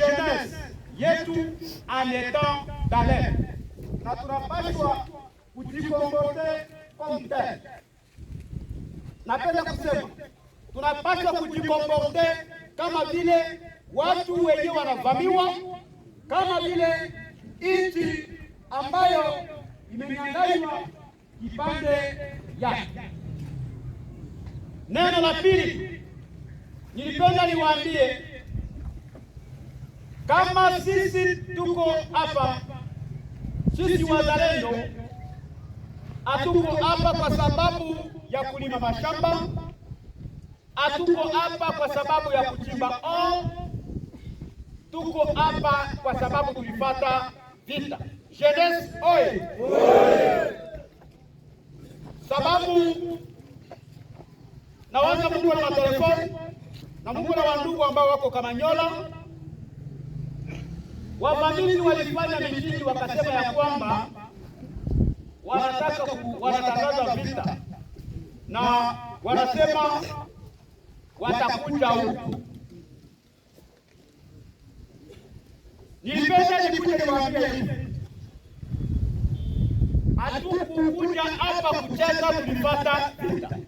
jeunesse yetu anetan dalem, na tunapaswa kujikombote komte. Napenda kusema tunapaswa kujikombote kama vile watu wenye wanavamiwa, kama vile nchi ambayo imenyanganywa kipande yake. Neno la pili nilipenda niwaambie kama sisi tuko hapa, sisi wazalendo hatuko hapa kwa sababu ya kulima mashamba, hatuko hapa kwa sababu ya kuchimba o, tuko hapa kwa sababu tulipata vita. Jeunesse oye! Sababu nawaza mkuwe na matelefoni na mkuwe na wandugu ambao wako Kamanyola Wavamizi walifanya mitingi, wakasema ya kwamba wanataka wanatangaza vita na wanasema watakuja huku. Nilipenda nikuje niwaambie hivi, hatukukuja hapa kucheza, kulipata vita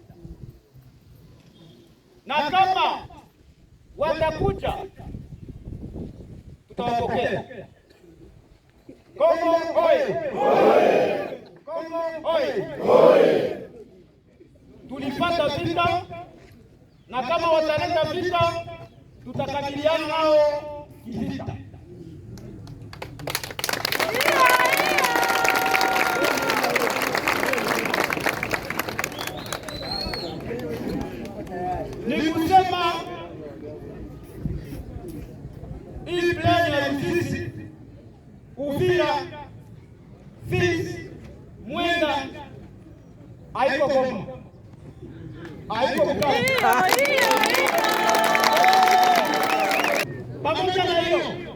na kama watakuja tutawapokea. Kongo oye! Kongo oye! Tulipata vita na kama wataleta vita tutakabiliana nao kivita. Busisi, Uvira, Fizi, Mwenda, haiko Goma, haiko Bukavu. Pamoja na hiyo,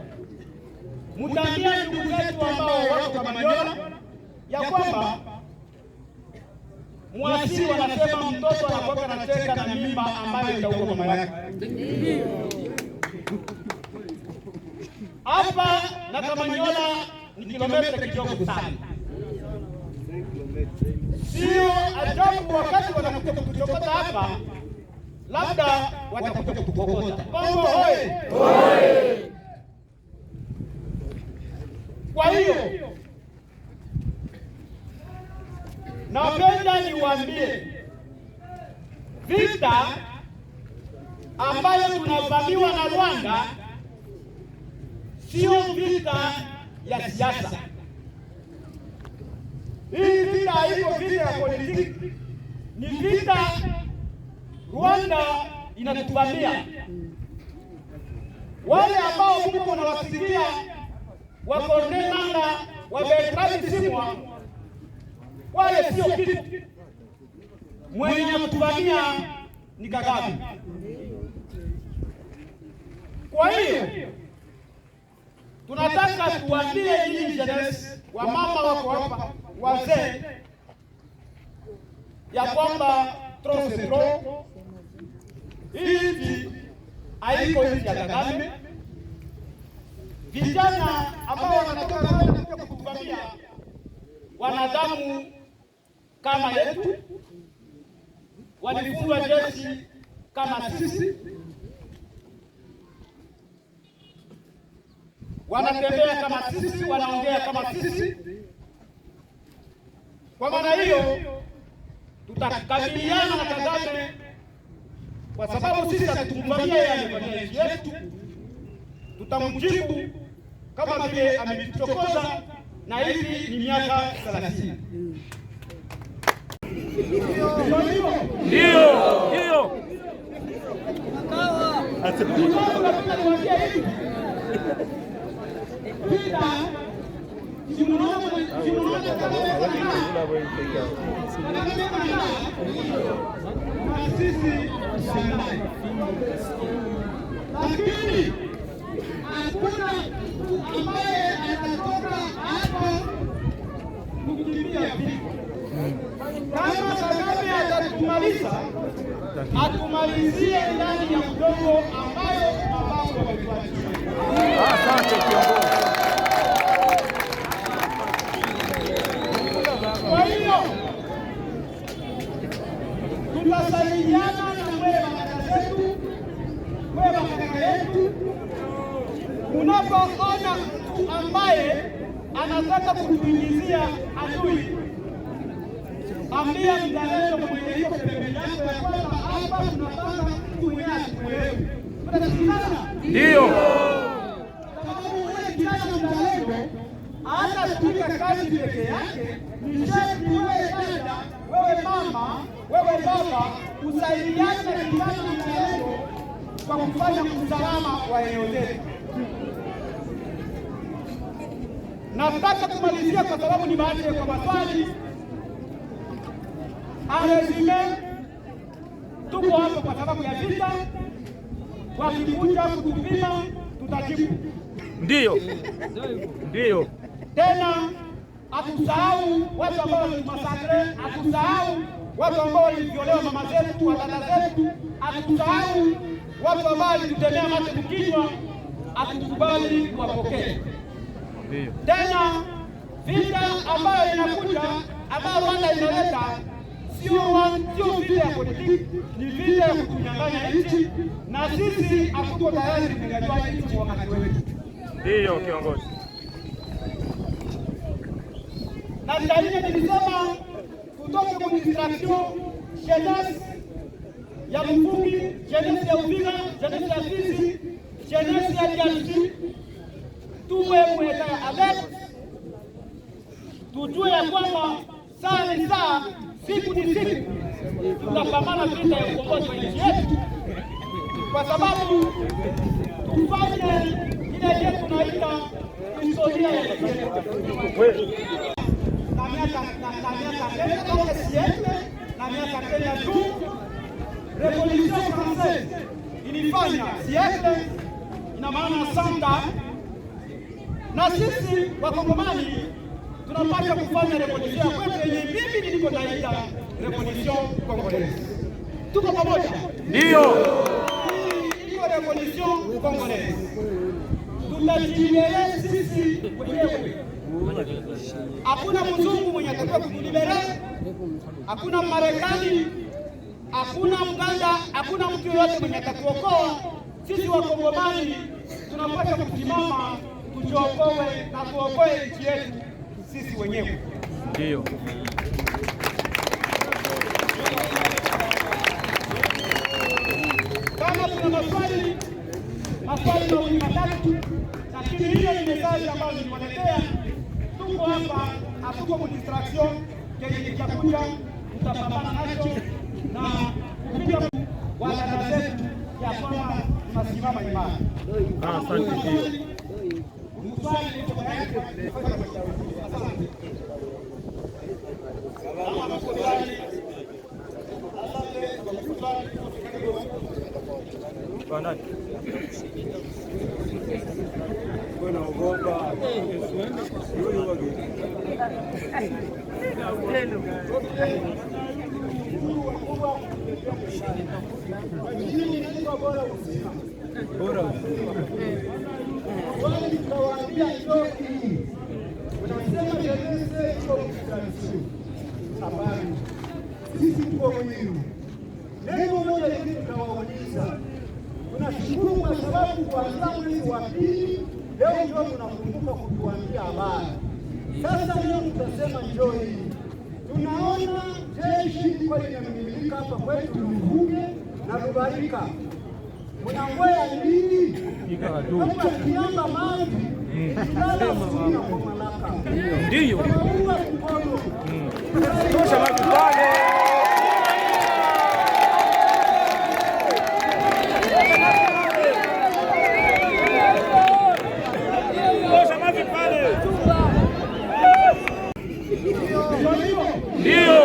mutaambia ndugu zetu ambao wako Kamanyola ya kwamba mwasiri anasema mtoto anakuwa anacheka na mimba ambayo itaua mama yake hapa na Kamanyola ni kilomita kidogo sana, sio ajabu wakati wanakuja kutokota hapa, labda watakuja kukokota Kongo hoye. Kwa hiyo napenda niwaambie vita ambayo tunavamiwa na Rwanda sio vita ya siasa. Hii vita haiko vita ya politiki, ni vita Rwanda inatuvamia. Wale ambao huko unawasikia wa Corneille Nangaa, wa Bertrand Bisimwa, wale sio kitu. Mwenye kutuvamia ni Kagame. Kwa hiyo tuwatie hii jenesi, wamama wako hapa, wazee, ya kwamba trosetro hivi haiko nchi ya Kagame. Vijana ambao wanatoka kutuvamia wanadamu kama yetu, walifungwa jeshi kama sisi wanatembea kama sisi, wanaongea kama sisi. Kwa maana hiyo tutakabiliana na Kagame kwa sababu sisi hatukumbalia yeye kwa yetu, tutamjibu kama vile ametuchokoza, na hivi ni miaka 30. Ndio, ndio vita simunaona na sisi lakini hakuna ambaye atatoka hapo kukimbia vita. Kama Kagame atatumaliza, atumalizie ndani ya mdomo ambayo ambao pia mtaonyesha mwenyeiko pembeni yako ya kwamba hapa mtu Ndio, sababu wewe kijana hata kazi peke yake nishati. Wewe dada, wewe mama, wewe baba, usaidiane na kijana kwa kufanya usalama wa eneo letu. Nataka kumalizia kwa sababu ni baadhi ya kwa maswali tuko hapo kwa sababu ya vita. Wakikuja kutupima tutajibu ndiyo, ndiyo. Tena atusahau watu ambao walimasakre, atusahau watu ambao walivyolewa mama zetu, wadada zetu, atusahau watu ambao walitutemea mate kukinywa, atukubali wapokee tena vita ambayo inakuja ambayo Rwanda inaleta sio vita ya politiki, ni vita ya kutunyang'anya nchi, na sisi hatuko tayari kunyang'anywa nchi kwa wakati wetu. Ndiyo kiongozi, na daia nilisema kutoka kwenye distraction ya Mvumbi, jeunesse ya Uvira, jeunesse ya Fizi, jeunesse ya Kiaii, tuwe mweta alert, tujue ya kwamba saa ni saa siku ni siku tunapambana vita ya ukombozi wa nchi yetu, kwa sababu tufanye ile yetu tunaita historia ya nchi na miaka kenda siete na miaka kenda tu Revolution Francaise ilifanya siete, ina maana santa na sisi wakongomani tunapaswa kufanya revolution kwetu yenye mimi niliko naita revolution congolaise. Tuko pamoja? Ndio, hiyo revolution congolaise tutajitegemea sisi wenyewe. Hakuna mzungu mwenye atakuwa kutulibere, hakuna Marekani, hakuna Mganda, hakuna mtu yoyote mwenye atakuokoa sisi. Wakongomani tunapaswa kusimama, tujiokoe na tuokoe nchi yetu sisi wenyewe. Ndio kama kuna maswali maswali mawili matatu, lakini hiyo ni mesaji ambayo nilikuletea. Tuko hapa, hatuko kwa distraction. Kenye kitakuja tutapambana nacho na kupitia dada zetu ya kwamba tunasimama imara. Ah, asante. Bora. Wale nikawaambia ndio habari. Sisi tuko muhimu, neno moja lakini tunawauliza, tunashukuru kwa sababu kuanzia mwezi wa pili leo ndio tunakumbuka kutuambia habari. Sasa leo tutasema njoo hii, tunaona jeshi liko linamimilika hapa kwetu Luvuge na Rubarika, mnangoya nini? Hata kiamba maji ndiyo tosha maji pale. Ndiyo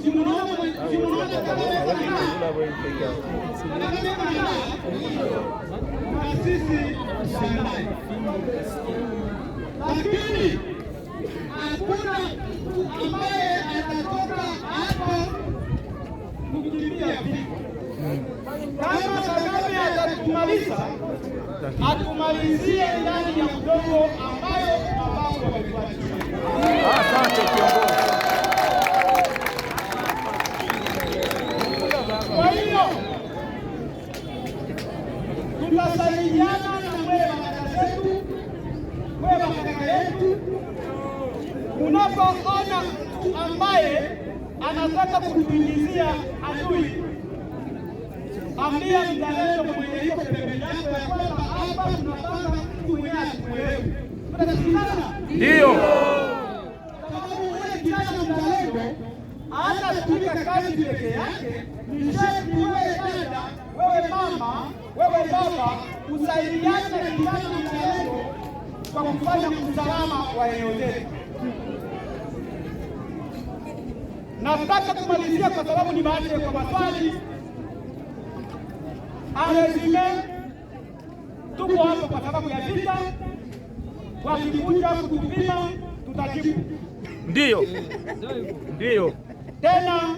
taasisi shambani, lakini hakuna ambaye atatoka hapo kukimbia kama Karume atatumaliza, atumalizie ndani ya mdogo tutasaidiana na mwewe makaka zetu, mwewe makaka yetu. Unapoona mtu ambaye anataka kukupingizia adui, ambia mzalendo mwenye iko pembeni yako ya kwamba hapa tunapanga mtu mwenye atuelewe. Tunasikilizana, ndio kijana mzalendo hata kutumika kazi peke yake ni kwamba wewe baba usaidiane na kijana na kwa kufanya usalama wa eneo letu. Nataka kumalizia kwa sababu ni baadhi kwa maswali arezime. Tuko hapa kwa sababu ya vita, wakikuja kutupima tutajibu ndiyo, ndio tena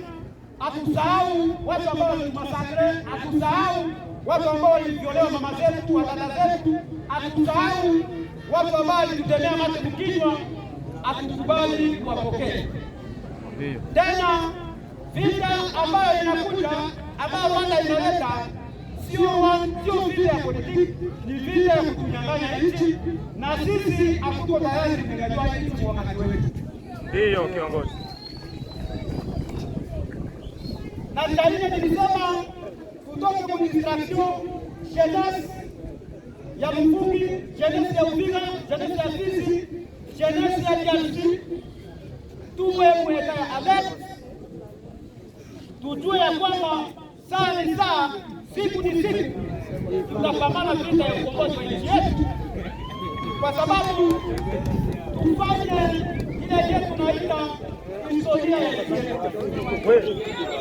hatusahau watu ambao walimasakre, hatusahau watu ambao walivyolewa mama zetu, wadada zetu, hatusahau watu ambao walitutemea mate kukinywa, hatukubali wapokee tena. Vita ambayo inakuja ambayo Rwanda inaleta sio vita ya politiki, ni vita ya kutunyang'anya nchi, na sisi hatuko tayari kunyang'anywa nchi kwa wakati wetu. Ndiyo kiongozi. na cha nne nilisema kutoka kwenye distraction jeunesse ya Mvumbi, jeunesse ya Uvira, jeunesse ya Fizi, jeunesse ya Kiarji, tuwe mweka alert, tujue ya kwamba saa ni saa, siku ni siku, tutapambana vita ya ukombozi wa nchi yetu, kwa sababu tufanye ile yetu naita historia ya